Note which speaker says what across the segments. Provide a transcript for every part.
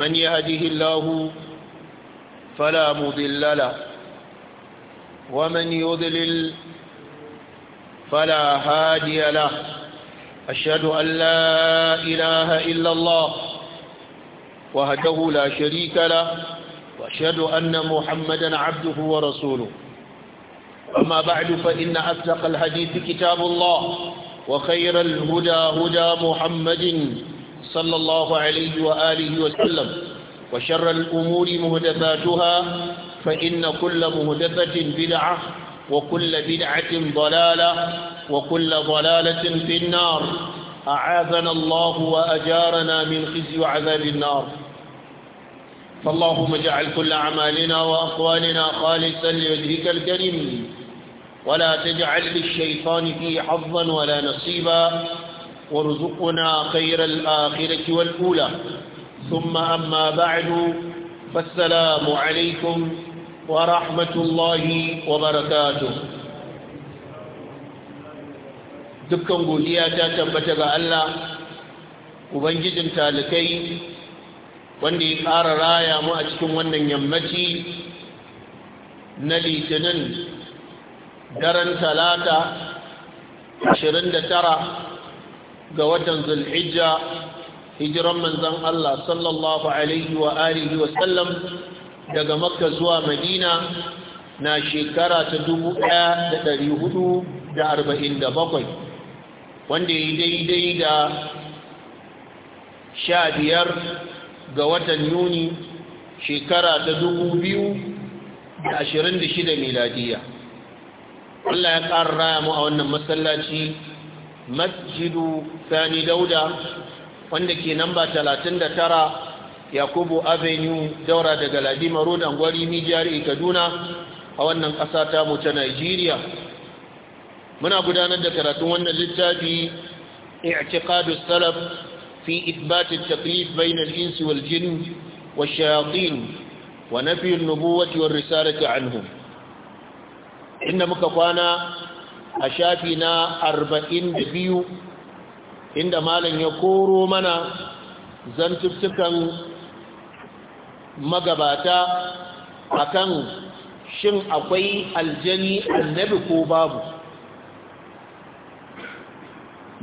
Speaker 1: من يهده الله فلا مضل له ومن يضلل فلا هادي له أشهد أن لا إله إلا الله وهده لا شريك له وأشهد أن محمدا عبده ورسوله أما بعد فإن أصدق الحديث كتاب الله وخير الهدى هدى محمد صلى الله عليه وآله وسلم وشر الأمور مهدفاتها فإن كل مهدفة بدعة وكل بدعة ضلالة وكل ضلالة في النار أعاذنا الله وأجارنا من خزي عذاب النار فاللهم اجعل كل أعمالنا وأقوالنا خالصا لوجهك الكريم ولا تجعل للشيطان فيه حظا ولا نصيبا وارزقنا خير الآخرة والأولى ثم أما بعد فالسلام عليكم ورحمة الله وبركاته dukkan godiya ta tabbata ga Allah ubangijin talikai wanda ya ƙara raya mu a cikin wannan yammaci na litinin daren talata tara. ga watan zulhijja hijiran manzan Allah sallallahu alaihi wa alihi wa sallam daga makka zuwa madina na shekara ta 1447 wanda ya daidai da sha biyar ga watan yuni shekara ta 2026 miladiya Allah ya ƙara raya mu a wannan masallaci masjidu sani dauda wanda ke namba 39 yakubu avenue daura daga ladima road angwari mijiyar kaduna a wannan ƙasa ta mu ta nigeria muna gudanar da karatun wannan littafi i'tiqadu salaf fi ithbat at-taklif bayna al-ins wal-jinn wash-shayatin wa nafi an-nubuwwati war-risalati anhum inda muka kwana a shafi na arba'in da biyu inda malam ya koro mana zantuttukan magabata akan shin akwai aljani annabi ko babu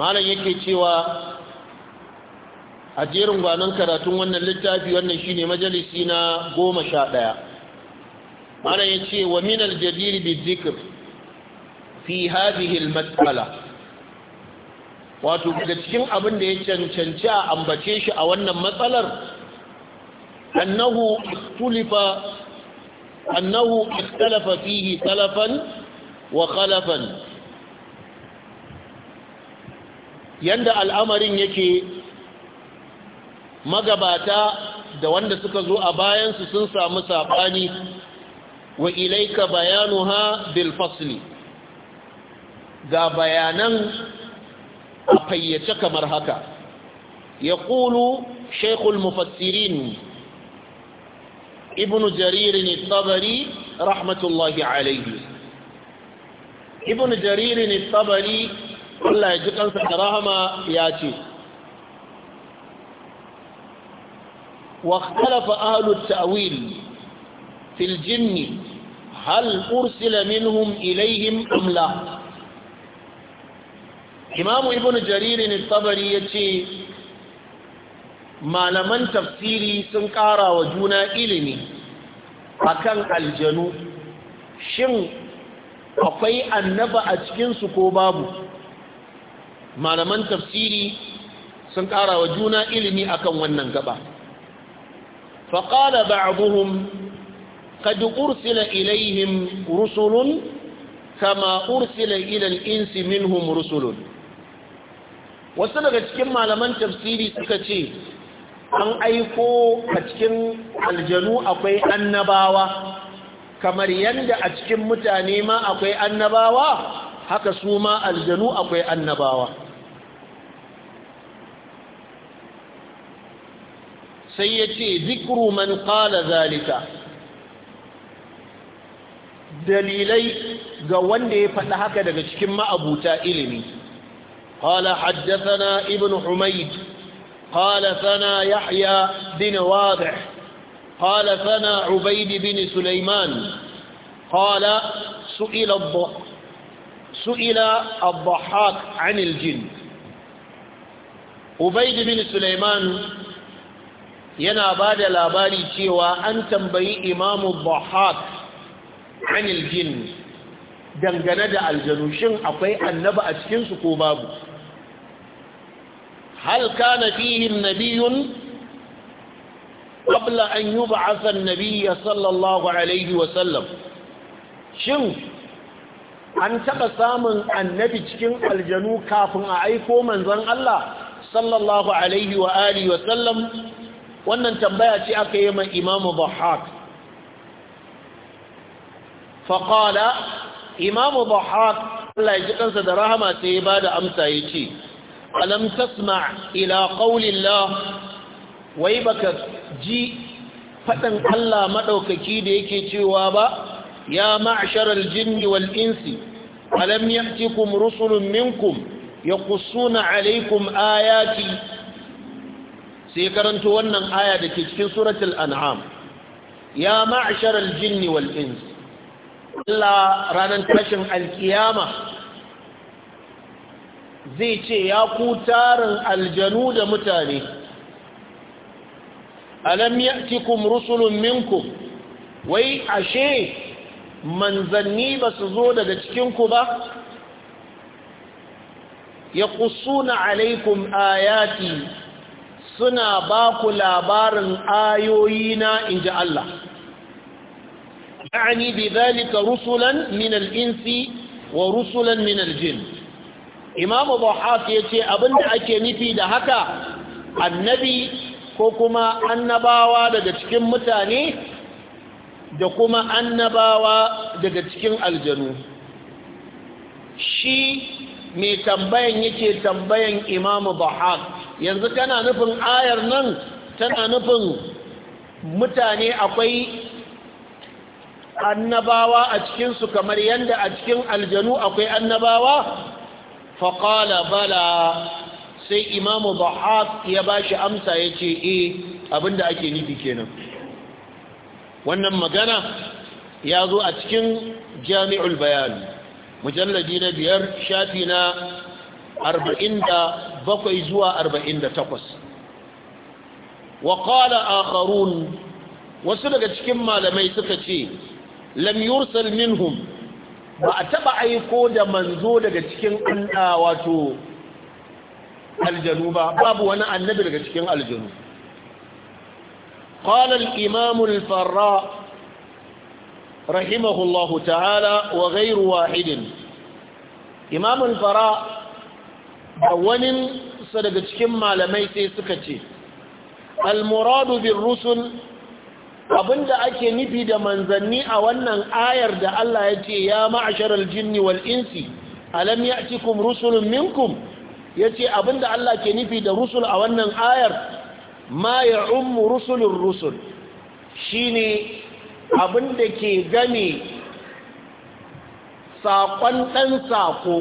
Speaker 1: malam yake cewa a jerin gwanon karatun wannan littafi wannan shine majalisi na goma sha ɗaya malam ya ce wa minal jadiri bi zikir fi hadhihi al-mas'ala wato daga cikin abin da ya cancanci a ambace shi a wannan matsalar annahu ikhtulifa annahu ikhtalafa fihi wa khalafan yanda al'amarin yake magabata da wanda suka zo a bayansu sun samu saɓani wa ilaika bayanuha bil fasli ga bayanan a fayyace kamar haka ya ƙulu shaikul mufassirin ibn jaririn tabari rahmatullahi alaihi ibn jaririn tabari Allah ya ji kansa da rahama ya ce واختلف أهل التأويل في الجن هل أرسل منهم إليهم أم لا imamu ibn jaririn tabari ya ce malaman tafsiri sun ƙara wa juna ilimi akan aljanu shin akwai annaba a cikinsu ko babu malaman tafsiri sun ƙara wa juna ilimi akan wannan gaba faƙada ba'aduhum قد أرسل إليهم رسل كما أرسل إلى الإنس منهم رسل wasu daga cikin malaman tafsiri suka ce an aiko a cikin aljanu akwai annabawa kamar yadda a cikin mutane ma akwai annabawa haka su ma aljanu akwai annabawa sai ya ce zikuru man kala zalika dalilai ga wanda ya faɗi haka daga cikin ma'abuta ilimi قال حدثنا ابن حميد قال ثنا يحيى بن واضح قال ثنا عبيد بن سليمان قال سئل الضحاك سئل الضحاك عن الجن عبيد بن سليمان ينا بعد da labari cewa an tambayi imamu bahak anil jin dangane da aljanu shin akwai annaba a cikinsu ko babu هل كان فيهم نبي قبل أن يبعث النبي صلى الله عليه وسلم شن an taɓa samun annabi cikin aljanu kafin a aiko manzon Allah sallallahu alaihi wa sallam wannan tambaya ce aka yi ma imamu Dhahhak faqala imamu Dhahhak Allah ya ji kansa da rahama sai ya bada amsa yace alam tasma ila qaulillah wai baka ji fadan Allah madaukaki da yake cewa ba ya ma'sharal jinni wal insi alam ya'tikum rusulun minkum yaqussuna alaykum ayati sai karanto wannan aya da ke cikin suratul an'am ya ma'sharal jinni wal insi Allah ranar tashin alkiyama zai ce ya ku tarin aljanu da mutane alam ya'tikum rusulun minkum wai ashe manzanni ba su zo daga cikinku ba ya kusuna alaikum ayati suna ba ku labarin ayoyina in ji Allah ya'ani bi zalika rusulan minal insi wa rusulan minal al-jinn imamu buhat ya ce abinda ake nufi da haka annabi ko kuma annabawa daga cikin mutane da kuma annabawa daga cikin aljanu shi mai tambayan yake tambayan imamu buhat yanzu tana nufin ayar nan tana nufin mutane akwai annabawa a cikinsu kamar yadda a cikin aljanu akwai annabawa faƙala bala sai imamu bahab ya ba shi amsa ya ce e abinda ake nufi kenan wannan magana ya zo a cikin jami'ul bayani, mujallaji na biyar shafi na bakwai zuwa 48 wa ƙala akharun wasu daga cikin malamai suka ce lam yursal minhum ba a taɓa aiko da manzo daga cikin anda wato aljanu ba babu wani annabi daga cikin aljanu قال الامام الفراء رحمه الله تعالى وغير واحد امام الفراء اولين سدغ cikin malamai sai suka ce المراد Rusun. abinda ake nufi da manzanni a wannan ayar da Allah ya ce ya ma'asharar aljinni wal insi alam ya'tikum rusulun minkum yace abinda Allah ke nufi da rusul a wannan ayar ma ya'ummu rusulur rusul shine abinda ke game saƙon ɗan saƙo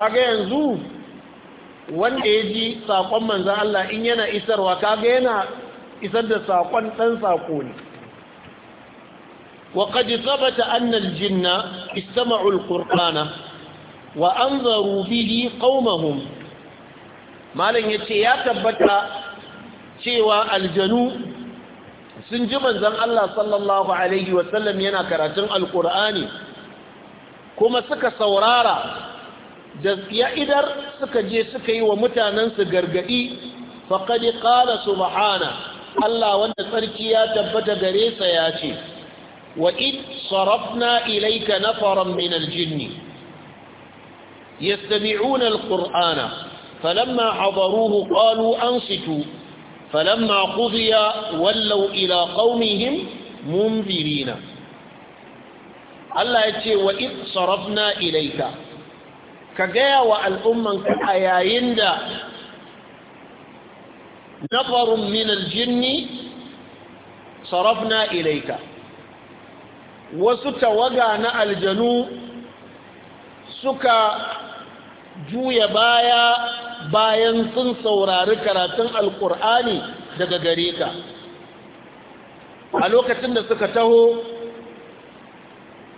Speaker 1: kaga yanzu wanda ya ji saƙon manzan Allah in yana isarwa kaga yana isar da saƙon ɗan saƙo ne wa kaji thabata anna jinna istama'u al-qur'ana wa anzaru bihi qaumahum ya yace ya tabbata cewa aljanu sun ji manzon Allah sallallahu alaihi wa sallam yana karatun Alƙur'ani. kuma suka saurara da idar suka je suka yi wa mutanensu gargadi faƙaɗi ƙala subhana Allah wanda tsarki ya tabbata gare sa ya ce wa id sarafna ilayka nafaran min aljinn yastami'una alqur'ana falamma hadaruhu qalu ansitu falamma qudiya wallau ila qaumihim munzirina Allah ya ce wa id sarafna ilaika, ka gaya wa al'ummanka a yayin da نفر من الجن Wasu tawaga na aljanu suka juya baya bayan sun saurari karatun Alƙur'ani daga gare ka a lokacin da suka taho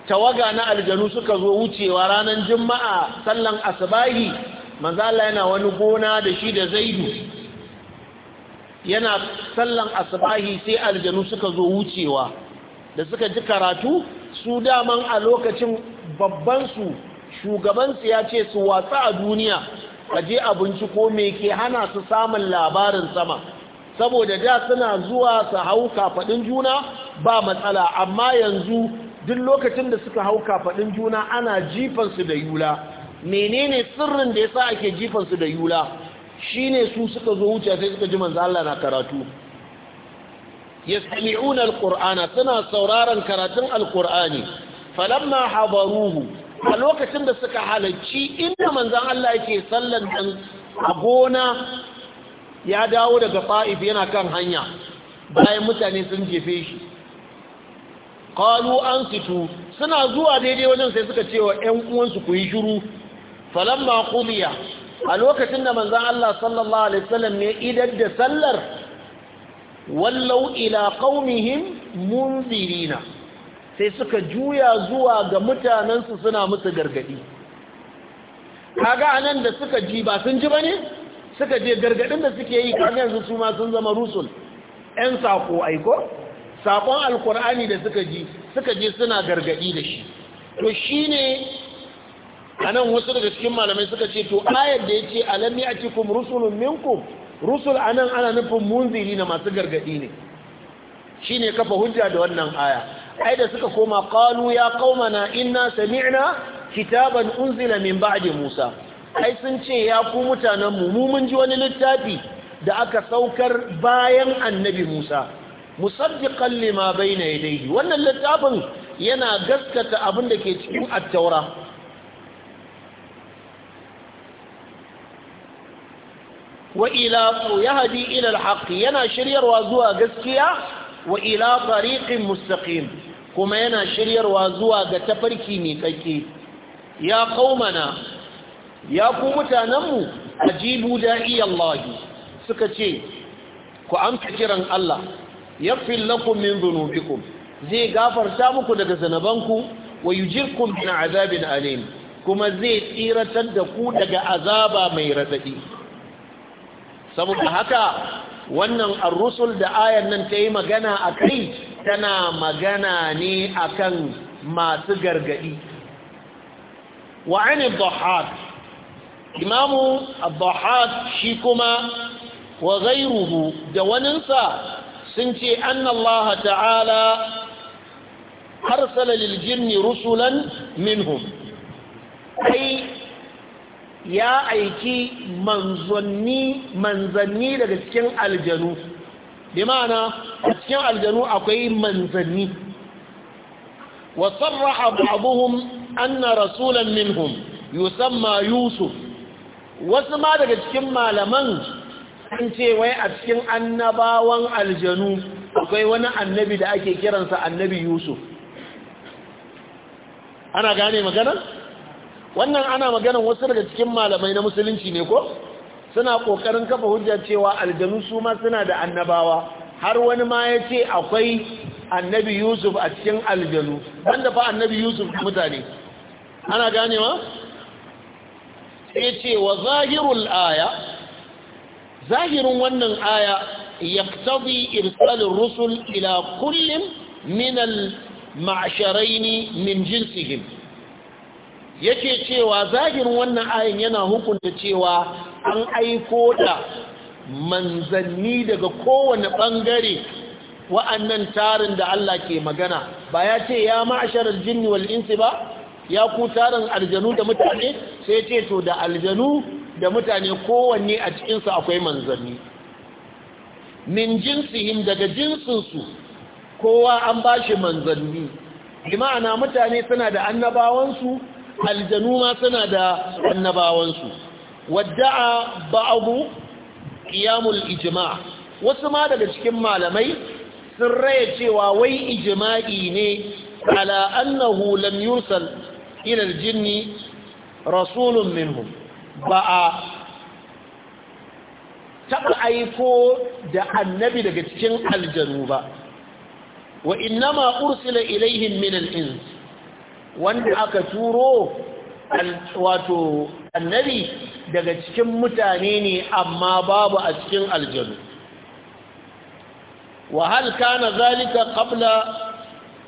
Speaker 1: tawaga na aljanu suka zo wucewa ranar juma'a sallan asbahi manzala yana wani gona da shi da zaidu yana sallan asbahi sai aljanu suka zo wucewa da suka ji karatu su daman a lokacin babbansu shugabansu ya ce su watsa a duniya a je a ko me ke hana su samun labarin sama saboda da suna zuwa su hau kafaɗin juna ba matsala amma yanzu duk lokacin da suka hau kafaɗin juna ana jifansu da yula menene sirrin da yasa ake jifansu da yula Shi ne su suka zo wuce sai suka ji manzo Allah na karatu yastami'una alqur'ana suna sauraron karatun alqur'ani falamma hadaruhu a lokacin da suka halarci inda manzon Allah yake sallan dan a gona ya dawo daga fa'if yana kan hanya bayan mutane sun jefe shi qalu ansitu suna zuwa daidai wajen sai suka cewa 'yan uwansu ku yi shiru falamma qumiya a lokacin da manzan Allah sallallahu Alaihi wasallam ne idar da sallar wallau ila ƙaunihin munzirina sai suka juya zuwa ga mutanensu suna musu gargadi kaga anan da suka ji ba sun ji ne? suka je gargadin da suke yi kaga yanzu su ma sun zama rusul Yan sako aiko sakon alkur'ani da suka ji suka je suna gargadi da shi to shine anan wasu daga cikin malamai suka ce to ayar da yace alam ya'tikum rusulun minkum rusul anan ana nufin munziri na masu gargadi ne Shi ne kafa hujja da wannan aya ai da suka koma kalu ya na inna sami'na kitaban unzila min ba'di musa ai sun ce ya ku mutanen mu mu mun ji wani littafi da aka saukar bayan annabi musa musaddiqan lima bayna yadayhi wannan littafin yana gaskata abin da ke cikin attaura. wa ila yahdi ila alhaq yana shiryarwa zuwa gaskiya wa ila tariqin mustaqim kuma yana shiryarwa zuwa ga tafarki mai kake ya qaumana ya ku mutanenmu ajibu da'i Allah suka ce ku amsa kiran Allah yaghfir lakum min dhunubikum zai gafarta muku daga zanabanku wa yujirkum min azabin alim kuma zai tsiratar da ku daga azaba mai radadi saboda haka wannan arusul da ayan nan ta yi magana a kai tana magana ne akan masu gargadi wa an imamu shi kuma wa da waninsa sun ce annallaha ta'ala harsala lil jinni rusulan minhum ai ya aiki manzanni daga cikin aljanu bi ma'ana a cikin aljanu akwai manzanni wa sarraha ba'dhum anna rasulan minhum yusamma yusuf wasu ma daga cikin malaman an ce wai a cikin annabawan aljanu akwai wani annabi da ake kiransa annabi yusuf ana gane magana? wannan ana maganan wasu daga cikin malamai na musulunci ne ko suna kokarin kafa hujja cewa aljanu su ma suna da annabawa har wani ma ya ce akwai annabi yusuf a cikin aljanu Wanda fa annabi yusuf mutane ana ganewa ya ce wa zahirul aya zahirin wannan aya tafi irsalin rusul ila kullum minal masharaini maasharaini min jinsihim yake cewa zahirin wannan ayin yana hukunta cewa an aiko da manzanni daga kowane ɓangare wa'annan tarin da Allah ke magana ba ya ce ya ma'asharar jini ba ya ku tarin aljanu da mutane sai ce to da aljanu da mutane kowanne a cikinsu akwai manzanni min jinsihim daga jinsinsu kowa an ba shi manzanni bi ma'ana mutane suna da annabawansu aljanu ma suna da annabawansu wadda'a ba'abu qiyamul ijma' wasu ma daga cikin malamai sun raya cewa wai ijma'i ne ala annahu lam yursal ila aljinni rasulun minhum ba a taɓa aiko da annabi daga cikin aljanu ba wa innama ursila ilaihim min al-ins wanda aka turo wato annabi daga cikin mutane ne amma babu a cikin aljanu Wahal hal kana zalika qabla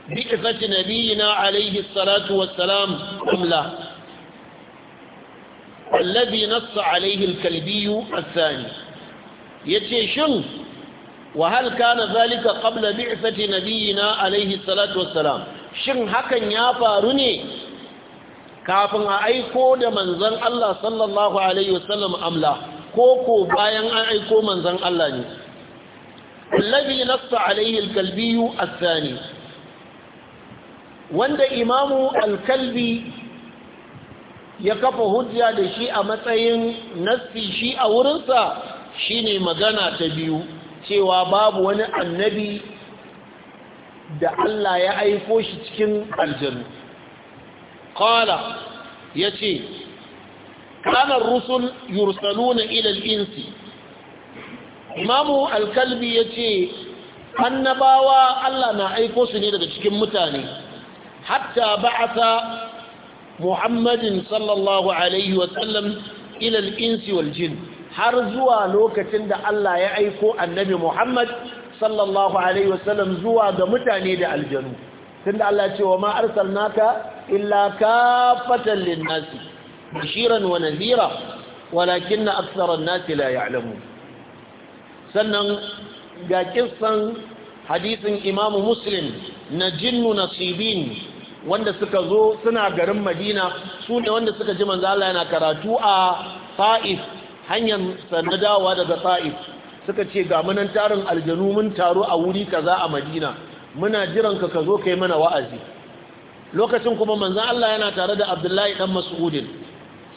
Speaker 1: bi'sati nabiyina alayhi salatu wassalam amla alladhi nassa alayhi al-kalbi athani yace shin Wahal hal kana zalika qabla bi'sati nabiyina alayhi salatu wassalam shin hakan ya faru ne kafin a aiko da manzan Allah sallallahu alaihi wasallam amla ko ko bayan an aiko manzan Allah ne الذي نص عليه الكلبي Asani, wanda imamu alkalbi ya kafa hujja da shi a matsayin nasti shi a wurinsa shine magana ta biyu cewa babu wani annabi da Allah ya aiko shi cikin aljanu qala yace kana rusul yursaluna ila al-insi imamu al-kalbi yace annabawa Allah na aiko su ne daga cikin mutane hatta ba'atha muhammadin sallallahu alaihi wa sallam ila al-insi wal har zuwa lokacin da Allah ya aiko annabi Muhammad sallallahu alaihi wasallam zuwa ga mutane da aljanu tunda Allah ya ce wa ma arsalnaka illa kafatan linnasi, bashiran wa nadhira walakin aktsara nasi la ya'lamun sannan ga kissan hadisin Imam Muslim na jinnu nasibin wanda suka zo suna garin Madina su ne wanda suka ji manzo Allah yana karatu a Fa'if hanyar sanadawa daga Fa'if suka ce ga munan tarin aljanu mun taro a wuri kaza a madina muna jiran ka ka zo ka yi mana wa'azi lokacin kuma manzan Allah yana tare da abdullahi ɗan mas'udin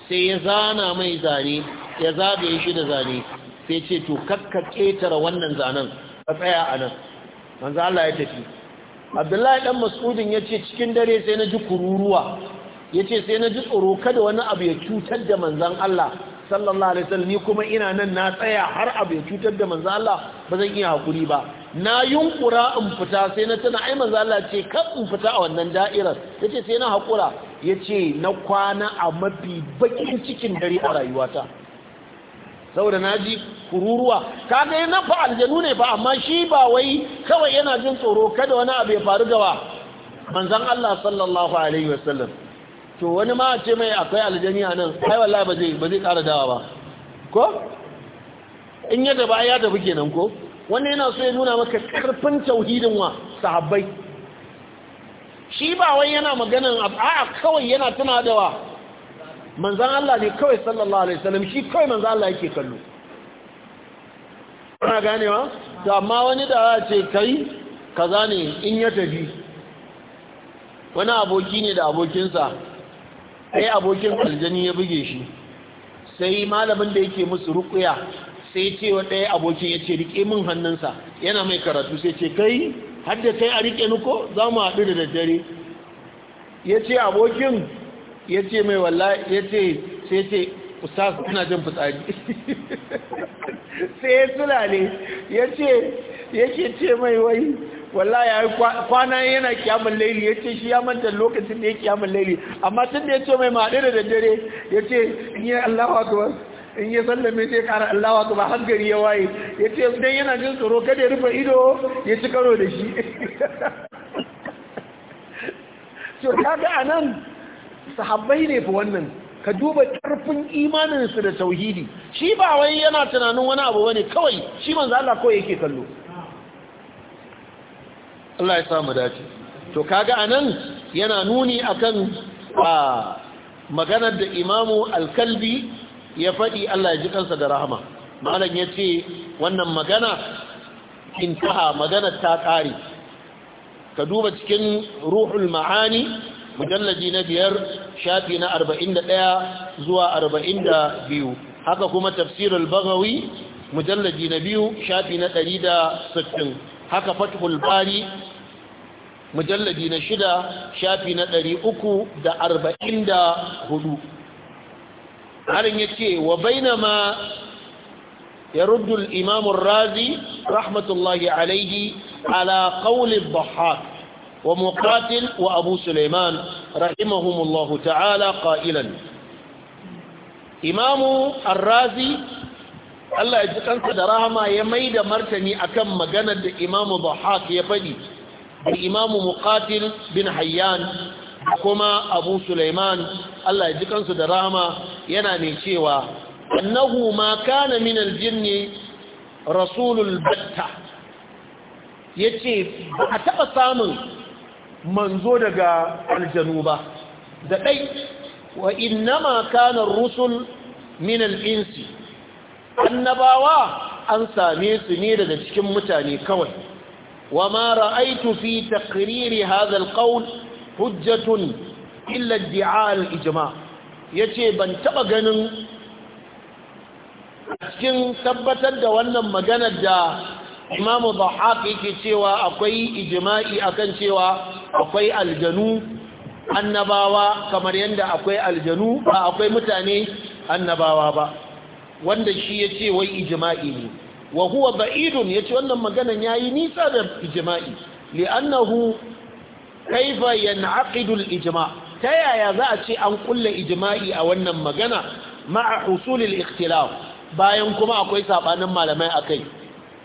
Speaker 1: sai ya zana mai zane ya zabe shi da zane sai ce to kakka ƙetare wannan zanen ka tsaya a nan manzan Allah ya tafi abdullahi ɗan mas'udin ya ce cikin dare sai na ji kururuwa ya ce sai na ji tsoro kada wani abu ya cutar da manzan Allah sallallahu alaihi wasallam ni kuma ina nan na tsaya har abu ya cutar da manzo Allah ba zan iya hakuri ba na yunkura in fita sai na tana ai manzo Allah ce kan in fita a wannan da'irar yace sai na hakura yace na kwana a mafi bakin cikin dare a rayuwata saboda naji kururuwa kaga yana fa aljanu ne ba amma shi ba wai kawai yana jin tsoro kada wani abu ya faru wa. manzon Allah sallallahu alaihi wasallam to wani ma ce mai akwai aljani a nan ai wallahi ba zai ba zai dawa ba ko in ya gaba ya buke kenan ko wanda yana so ya nuna maka karfin tauhidin wa sahabbai shi ba wai yana a? a'a kawai yana tana da wa manzan Allah ne kawai sallallahu alaihi wasallam shi kawai manzan Allah yake kallo gane wa? to amma wani da ya ce kai kaza ne in ya tafi wani aboki ne da abokinsa sai abokin aljani ya buge shi sai malamin da yake musu rukuya sai ce wa ɗaya abokin ya ce rike min hannunsa yana mai karatu sai ce kai har da kai a rike nuko za mu haɗu da daddare ya ce abokin ya ce mai walla ya ce sai ce ustaz ina jin fitsari sai ya tulale ya ce yake ce mai wai wallahi ya yi kwana yana kiyamun laili ya ce shi ya manta lokacin da ya kiyamun laili amma tun da ya ce mai maɗi da daddare ya ce in yi allawa akbar in ya sallame sai ƙara allawa akbar har ya waye ya ce don yana jin tsoro kada ya rufe ido ya ci karo da shi to kaga anan sahabbai ne fi wannan ka duba ƙarfin imaninsu da tauhidi shi ba wai yana tunanin wani abu bane kawai shi manzo Allah kawai yake kallo Allah ya samu dace to kaga anan yana nuni akan a maganar da imamu alkalbi ya faɗi Allah ya ji kansa da rahama malam ya ce wannan magana intaha maganar ta ƙare ka duba cikin ruhul ma'ani mujallaji na biyar shafi na arba'in da ɗaya zuwa arba'in da biyu haka kuma tafsirul bagawi mujallaji na biyu shafi na ɗari da sittin haka fathul bari mujalladi na shida shafi na ɗari uku da arba'in da hudu harin ya ce wa bainama ya ruddul imamun razi rahmatullahi alaihi ala kaulin bahar wa muqatil wa abu suleiman rahimahumullahu ta'ala ƙa'ilan imamu arrazi Allah ya ji kansa da rahama ya mai da martani akan maganar da imamu bahar ya faɗi imamu mukatil bin hayyan kuma abu Suleiman Allah ya ji kansu da rahama yana mai cewa annahu ma kana min aljinni rasulul batta ce ba a taɓa samun manzo daga aljanu ba da ɗai wa innama kana rusul min al-insi annabawa an same su ne daga cikin mutane kawai وما رأيت في تقرير هذا القول حجة إلا ادعاء الإجماع taɓa ganin. A cikin tabbatar da wannan maganar da Imam dhahaq yake cewa akwai ijma'i akan cewa akwai aljanu annabawa kamar yadda akwai aljanu ba akwai mutane annabawa ba wanda shi yace wai ijma'i ne wa huwa ba'idun yace wannan ya yayi nisa da ijma'i li'annahu kaifa yan'aqidu al-ijma' ta yaya za a ce an kulla ijma'i a wannan magana ma'a husulil ikhtilaf bayan kuma akwai sabanin malamai akai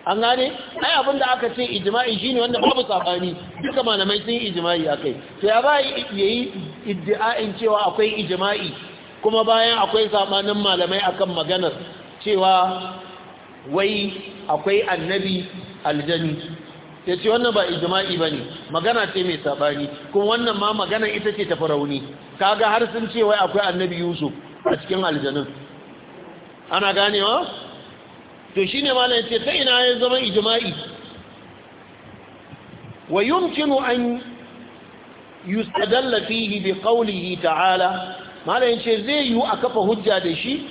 Speaker 1: an gane ai abinda aka ce ijma'i shine wanda babu sabani duka malamai sun yi ijma'i akai to ya ba yayi iddia'in cewa akwai ijma'i kuma bayan akwai sabanin malamai akan maganar cewa wai akwai annabi aljani ya ce wannan ba ijima'i ba ne magana ce mai saɓani kuma wannan ma magana ita ce ta farauni kaga har sun ce wai akwai annabi yusuf a cikin aljanin ana ganewa to shi ne malam ce ta ina ya zama ijima'i wa yumkinu an yustadalla fihi bi qawlihi ta'ala malam ce zai yiwu a kafa hujja da shi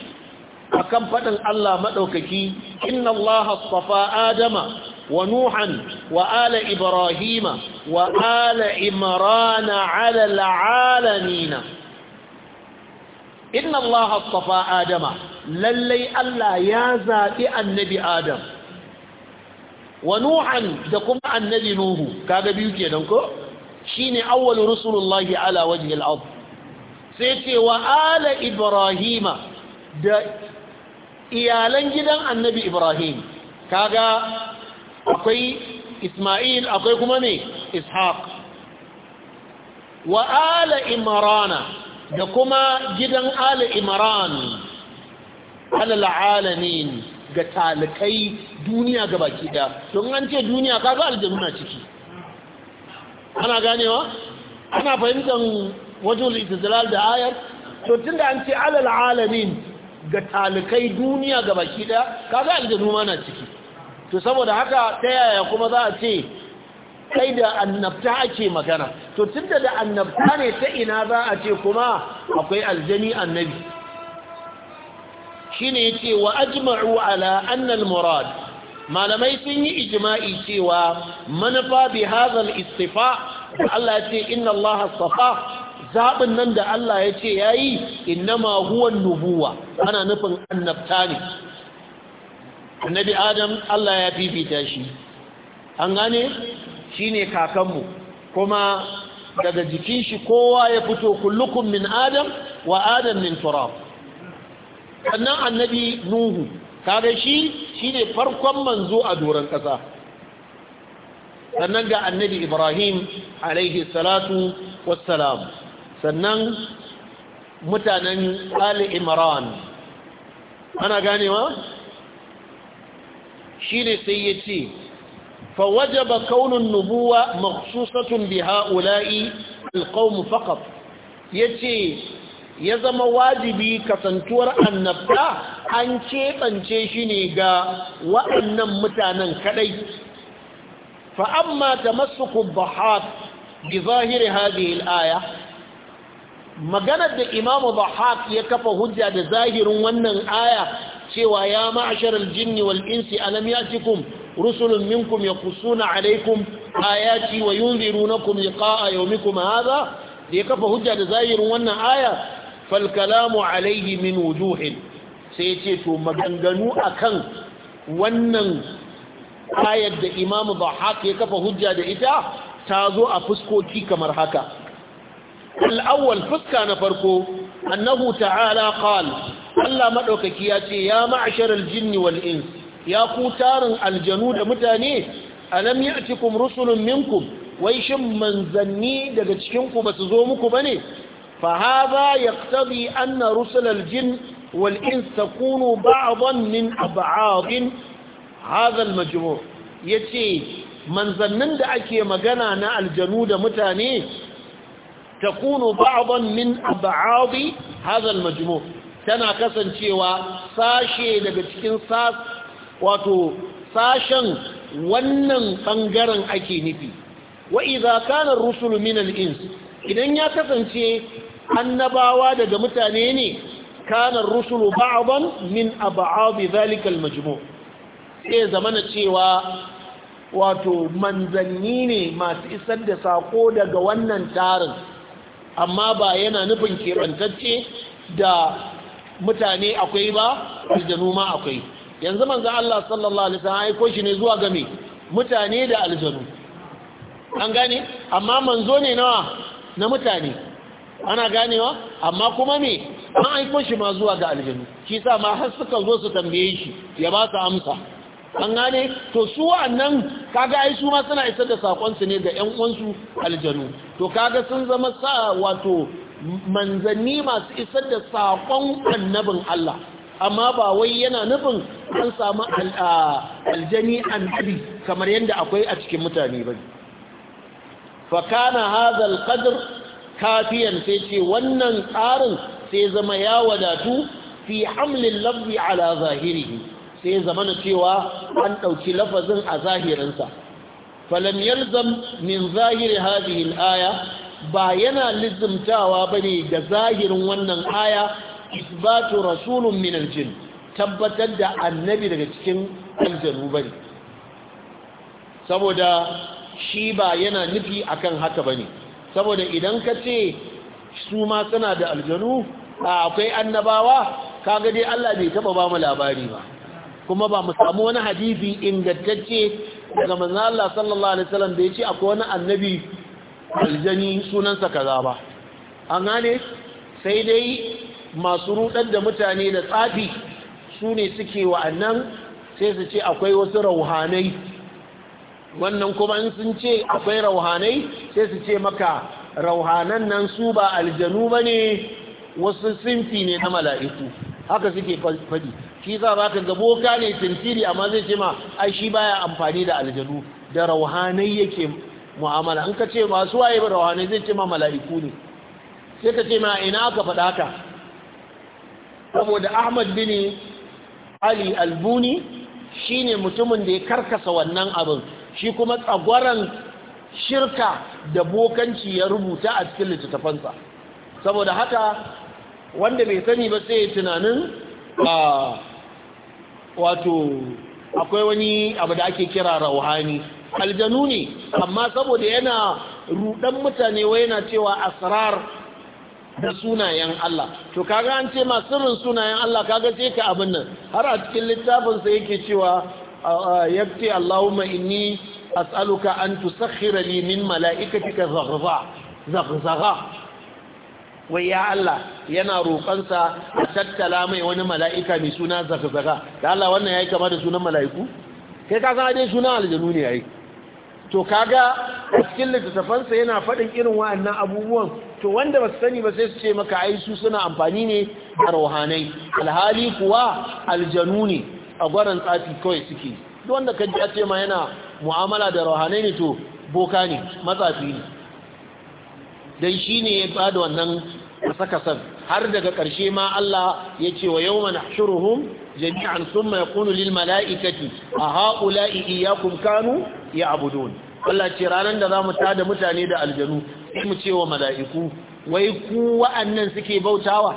Speaker 1: akan faɗin Allah maɗaukaki inna allaha astafa adama wa nuhan wa ala ibrahima wa ala imrana ala alalamina inna allaha astafa adama lallai allah ya zaɓi annabi adam wa nuhan da kuma annabi nuhu kaga biyu kenan ko shine awwalur rusulullahi ala wajhil ard sai ce wa ala ibrahima da iyalan gidan annabi ibrahim kaga akwai isma'il akwai kuma ne ishaq wa ala imrana da kuma gidan ala imran alal alamin ga talikai duniya ga baki da don an ce duniya kaga aljanna ciki ana ganewa ana fahimtar wajen istizlal da ayar to tunda an ce alal alamin ga talikai duniya ga baki daya kaga aljanu ma na ciki to saboda haka ta yaya kuma za a ce kai da annabta ake magana to tunda da annabta ne ta ina za a ce kuma akwai aljani annabi shine yace wa ajma'u ala anna murad malamai sun yi ijma'i cewa manufa bi hadha al-istifa Allah ya ce inna Allah astafa zaɓin nan da Allah ya ce ya yi innama huwan nubuwa ana nufin annabta ne annabi adam Allah ya fifita shi an gane shi ne kakanmu kuma daga jikin shi kowa ya fito kullukun min adam wa adam min turab sannan annabi nuhu kaga shi shi ne farkon manzo a doron ƙasa sannan ga annabi ibrahim alaihi salatu wassalam sannan mutanen ali imran ana ganewa shi ne sai ya ce fawajaba kaunin nubuwa maksusatun bi ha'ula'i alƙaunu faƙaf ya ce ya zama wajibi kasantuwar annabta an keɓance shi ne ga waɗannan mutanen kaɗai fa'amma ta masu kubbahat bi zahiri hadi al'aya maganar da imamu dhahak ya kafa hujja da zahirin wannan aya cewa ya ma'asharal jinni wal insi alam yatikum rusulun minkum yaqussuna alaykum ayati wa yunzirunakum liqa'a yawmikum hadha ya kafa hujja da zahirin wannan aya fal kalamu alayhi min wujuhin sai ce to maganganu akan wannan ayar da imamu dhahak ya kafa hujja da ita ta zo a fuskoki kamar haka al'awwal fuska na farko annahu ta'ala qala Allah maɗaukaki ya ce ya ma'asharal jinni wal ins ya ku tarin aljanu da mutane alam ya'tikum rusulun minkum wai shin manzanni daga cikin ku basu zo muku bane fa hadha yaqtadi anna rusulal jinn wal ins takunu ba'dan min ab'ad hadha al majmu' yace manzannin da ake magana na aljanu da mutane takunu ba'dan min ab'adi hadha al-majmu' tana kasancewa sashe daga cikin sas wato sashen wannan bangaren ake nufi wa idza kana ar-rusul min al-ins idan ya kasance annabawa daga mutane ne kana ar-rusul ba'dan min ab'adi dhalika al-majmu' sai zamana cewa wato manzanni ne masu isar da sako daga wannan tarin amma ba yana nufin keɓantacce da mutane akwai ba aljanu ma akwai yanzu manzan Allah sallallahu alaihi wasallam aiko shi ne zuwa game mutane da aljanu an gane amma manzo ne nawa na mutane ana ganewa amma kuma me an aiko shi ma zuwa ga aljanu shi sa ma har suka zo su tambaye shi ya ba su amsa an gane to su wa'annan kaga ai su ma suna isar da sakon su ne ga ƴan uwansu aljanu to kaga sun zama sa wato manzanni masu isar da saƙon annabin Allah amma ba wai yana nufin an samu aljani annabi kamar yadda akwai a cikin mutane ba fa kana hadha alqadr kafiyan sai ce wannan tsarin sai zama ya wadatu fi hamlin lafzi ala zahirihi sai zama na cewa an ɗauki lafazin a zahirinsa falam yalzam min zahiri hadhihi al-aya ba yana lizumtawa bane da zahirin wannan aya isbatu rasulun min al tabbatar da annabi daga cikin aljanu bane saboda shi ba yana nufi akan haka bane saboda idan ka ce su ma suna da aljanu akwai annabawa kaga dai Allah bai taba ba mu labari ba kuma ba mu samu wani hadisi ingantacce daga manzan Allah sallallahu alaihi wasallam da ya ce akwai wani annabi aljani sunansa kaza ba an gane sai dai masu rudar da mutane da tsafi su ne suke wa'annan sai su ce akwai wasu rauhanai wannan kuma in sun ce akwai rauhanai sai su ce maka rauhanan nan su ba aljanu ba ne wasu sinfi ne na mala'iku haka suke fadi shi za ba ka zabo ka ne tintiri amma zai ce ma ai shi baya amfani da aljanu da rauhanai yake mu'amala in ka ce masu waye ba rauhanai zai ce ma mala'iku ne sai ka ce ma ina aka faɗa ka saboda ahmad bin ali albuni shine mutumin da ya karkasa wannan abin shi kuma tsagwaran shirka da bokanci ya rubuta a cikin littattafansa saboda haka wanda mai sani ba sai tunanin wato akwai wani abu da ake kira rauhani aljanu ne amma saboda yana rudan mutane wai yana cewa asrar da sunayen Allah to kaga an ce ma sirrin sunayen Allah kaga sai ka abin nan har a cikin littafin sa yake cewa yafti Allahumma inni as'aluka an tusakhkhira li min mala'ikatika zaghza zaghza wai ya Allah yana roƙonsa a tattala mai wani mala'ika mai suna zaka-zaka da Allah wannan ya yi kama da sunan mala'iku? kai ka zaɗe dai sunan aljanu ne ya yi to kaga a cikin littattafansa yana faɗin irin wa'annan abubuwan to wanda ba su sani ba sai su ce maka ai su suna amfani ne da rohanai alhali kuwa aljanu ne a gwaran tsafi kawai suke duk wanda ka ji a ce ma yana mu'amala da rohanai ne to boka ne matsafi ne dan shi ne ya bada wannan san har daga ƙarshe ma Allah ya ce wa yau mana shuruhun jami'an sun mai kunu lil mala'ikati a haƙula'i iyakun kanu ya abudun Allah ce ranar da za mu tada mutane da aljanu sai mu ce wa mala'iku wai ku wa'annan suke bautawa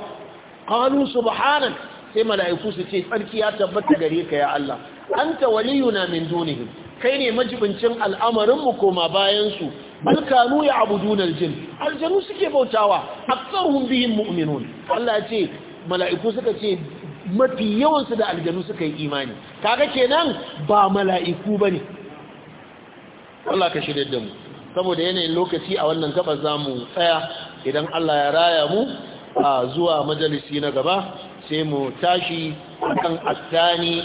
Speaker 1: kanu subhanak sai mala'iku su ce tsarki ya tabbata gare ka ya Allah anta waliyuna min dunihim kai ne majibincin al'amarin mu koma bayan su Alkanu ya abu dunar jin aljanu suke bautawa aktsaruhum biyun mu'minun Allah ce mala'iku suka ce mafi yawansu da aljanu suka yi imani kaga kenan ba mala'iku bane Allah ka shirya da mu saboda yanayin lokaci a wannan gaba zamu tsaya idan Allah ya raya mu a zuwa majalisi na gaba sai mu tashi kan astani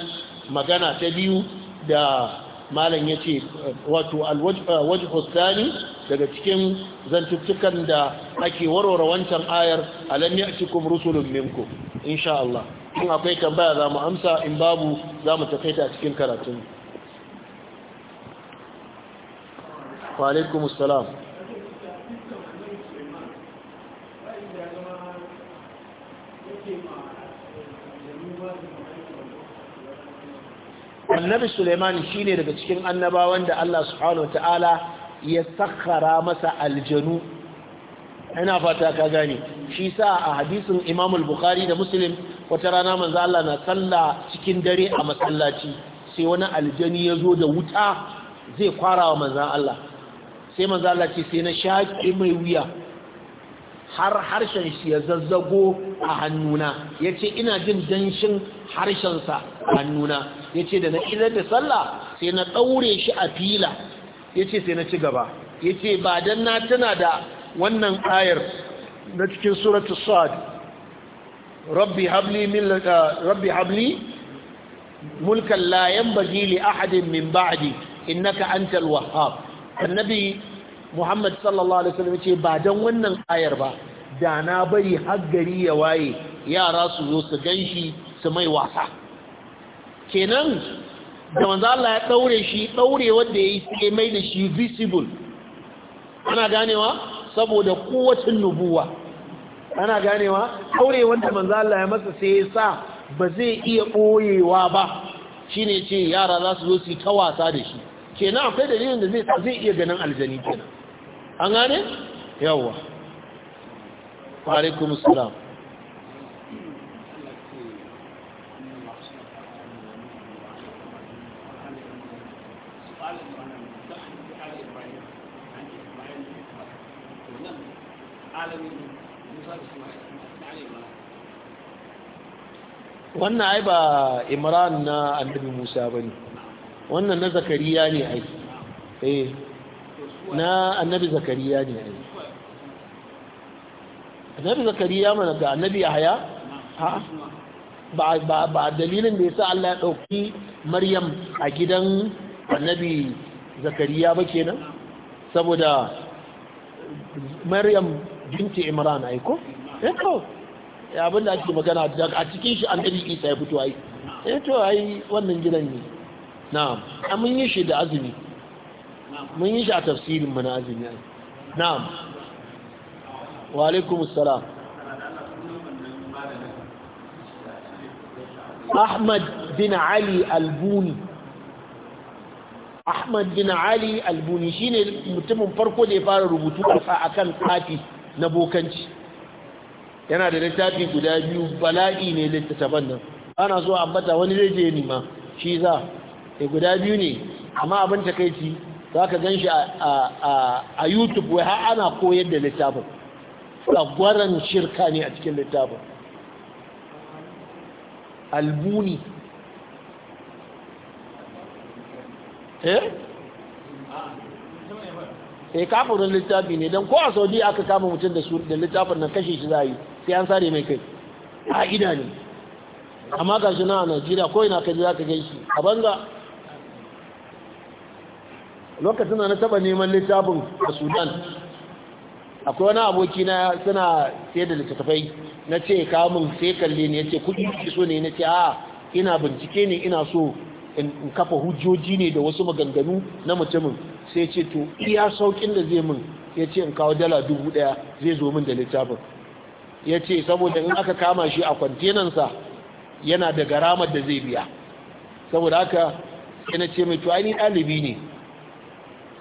Speaker 1: magana ta biyu da malam ya ce wato alwajhu eh, sani daga cikin zantuttukan da ake warware wancan ayar alam ya'tikum rusulun minkum insha Allah in akwai tambaya za mu amsa in babu za mu a cikin karatun wa alaikumus salam annabi suleiman shi ne daga cikin annaba wanda Allah subhanahu ta'ala ya sakara masa aljanu ina fata ka gane shi sa a hadisin imamul bukhari da Muslim wata rana manzo Allah na salla cikin dare a masallaci sai wani aljani ya zo da wuta zai kwara wa manzo Allah sai manzo Allah ce sai na shaƙi mai wuya har harshen shi ya zazzago a hannuna ya ce ina jin danshin harshensa a hannuna ya ce da na idar da sallah sai na ɗaure shi a fila ya ce sai na ci gaba ya ce ba don na tana da wannan ayar na cikin suratu sa'ad eh, rabbi habli mulkan layan bajili ahadin min ba'adi innaka antal wahhab annabi muhammad sallallahu alaihi wasallam ce ba dan wannan ayar ba da na bari har gari ya waye yara su zo su ganshi su mai wasa kenan da manzo Allah ya daure shi daure wanda yayi sai mai da shi visible ana ganewa saboda kowacin nubuwa ana ganewa daure wanda manzo Allah ya masa sai ya sa ba zai iya boyewa ba shine ce yara za su zo su yi ta wasa da shi kenan akwai dalilin da zai zai iya ganin aljani kenan an gane yawwa alaikum musulam wannan ai ba imran na annabi musa ba ne wannan na zakariya ne ai eh na annabi zakariya ne annabi zakariya mana ga annabi yahaya ha ba ba dalilin da yasa Allah ya dauki maryam a gidan annabi zakariya ba kenan saboda maryam binti imran aiko eko eh abin da ake magana a cikin shi annabi isa ya fito ai eh to ai wannan gidan ne na'am amun yi shi da azumi mun yi shi a tafsirin mana azumi azumi na'am wa alaikum assalam Ahmad bin Ali Albuni Ahmad bin Ali Albuni shine mutumin farko da ya fara rubutu a kan tsafi na bokanci yana da littafi guda biyu bala'i ne littattafan nan ana zuwa ambata wani zai ne shi za eh, guda biyu ne amma abin takaici za ka gan shi a youtube wai har ana koyar da littafin tsagwaron shirka ne a cikin littafin albuni eh? eh kafirin littafi ne don ko a saudi aka kama mutum da littafin na kashe shi za yi sai an sare mai kai a ina ne amma ga shi na a najeriya ko ina kaji za ka gan shi a banza lokacin da na taba neman littafin a sudan akwai wani aboki na suna sai da littattafai na ce kamun sai kalle ne ya ce kudi so ne na ce a ina bincike ne ina so in kafa hujjoji ne da wasu maganganu na mutumin sai ce to iya saukin da zai min ya ce in kawo dala dubu daya zai zo min da littafin ya ce saboda in aka kama shi a kwantenansa yana da garamar da zai biya saboda haka sai ce mai to ainihin ɗalibi ne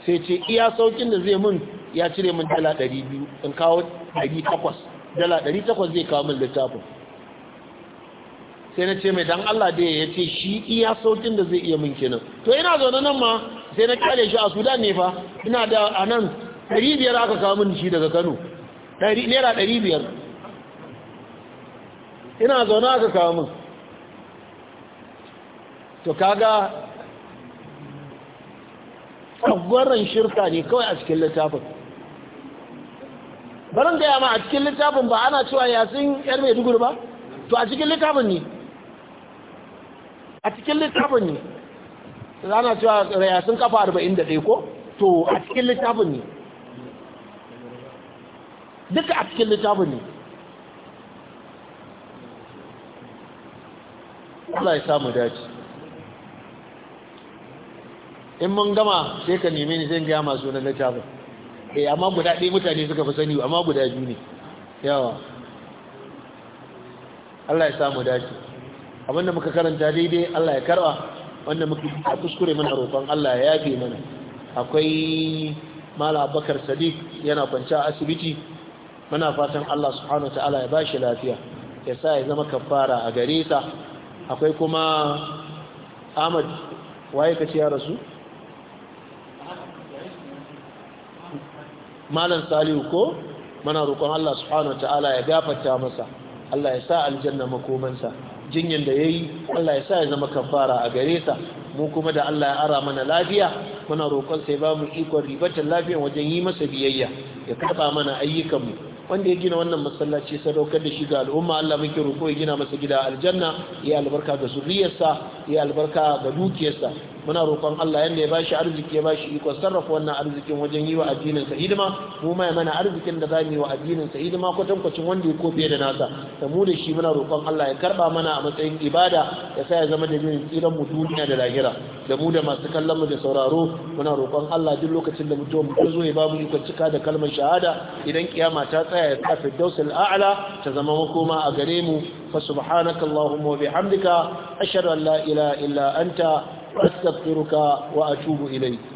Speaker 1: sai ce iya saukin da zai mun ya cire mun dala 200 in kawo 800 dala 800 zai kawo mun littafin sai na ce mai dan Allah da ya ce shi iya saukin da zai iya mun kenan to ina zaune nan ma sai na kare shi a Sudan ne fa ina da a nan 500 aka kawo mun shi daga Kano naira 500 ina zaune aka kawo mun to kaga tsagwaron shirka ne kawai a cikin littafin barin gaya ma a cikin littafin ba ana cewa yasin yar mai dugur ba to a cikin littafin ne a cikin littafin ne ana cewa yasin kafa 41 ko to a cikin littafin ne duka a cikin littafin ne Allah ya samu dace in mun gama sai ka neme ni zan gama gaya masu na littafin eh amma guda ɗaya mutane suka fi sani amma guda biyu ne yawa Allah ya samu dace abinda muka karanta daidai Allah ya karba wanda muka kuskure mana roƙon Allah ya yafe mana akwai mala abakar sadiq yana kwanci a asibiti muna fatan Allah subhanahu ta'ala ya shi lafiya ya sa ya zama kafara a gare sa akwai kuma Ahmad waye kace ya rasu malam salihu ko mana roƙon Allah subhanahu ta'ala ya gafarta masa Allah ya sa aljanna makomansa jinyan da yayi Allah ya sa ya zama kafara a gare sa, mu kuma da Allah ya ara mana lafiya muna roƙon sai ba mu ikon ribatar lafiya wajen yi masa biyayya ya karɓa mana ayyukanmu wanda ya gina wannan masallaci sadaukar da shi ga al'umma Allah muke roƙo ya gina masa gida aljanna ya albarka ga zuriyarsa ya albarka ga dukiyarsa muna roƙon Allah yanda ya bashi arziki ya bashi iko sarrafa wannan arzikin wajen yi wa addinin sa hidima mu mai mana arzikin da zamu yi wa addinin sa hidima kwatan kwacin wanda ya kofe da nasa da mu da shi muna roƙon Allah ya karba mana a matsayin ibada ya sa ya zama da yin tsiran mu duniya da lahira da mu da masu kallon mu da sauraro muna roƙon Allah duk lokacin da mutum mu zo ya ba mu iko cika da kalmar shahada idan kiyama ta tsaya ya sa firdausul a'la ta zama makoma a gare mu فسبحانك اللهم وبحمدك أشهد أن لا إله إلا أنت أستغفرك وأتوب إليك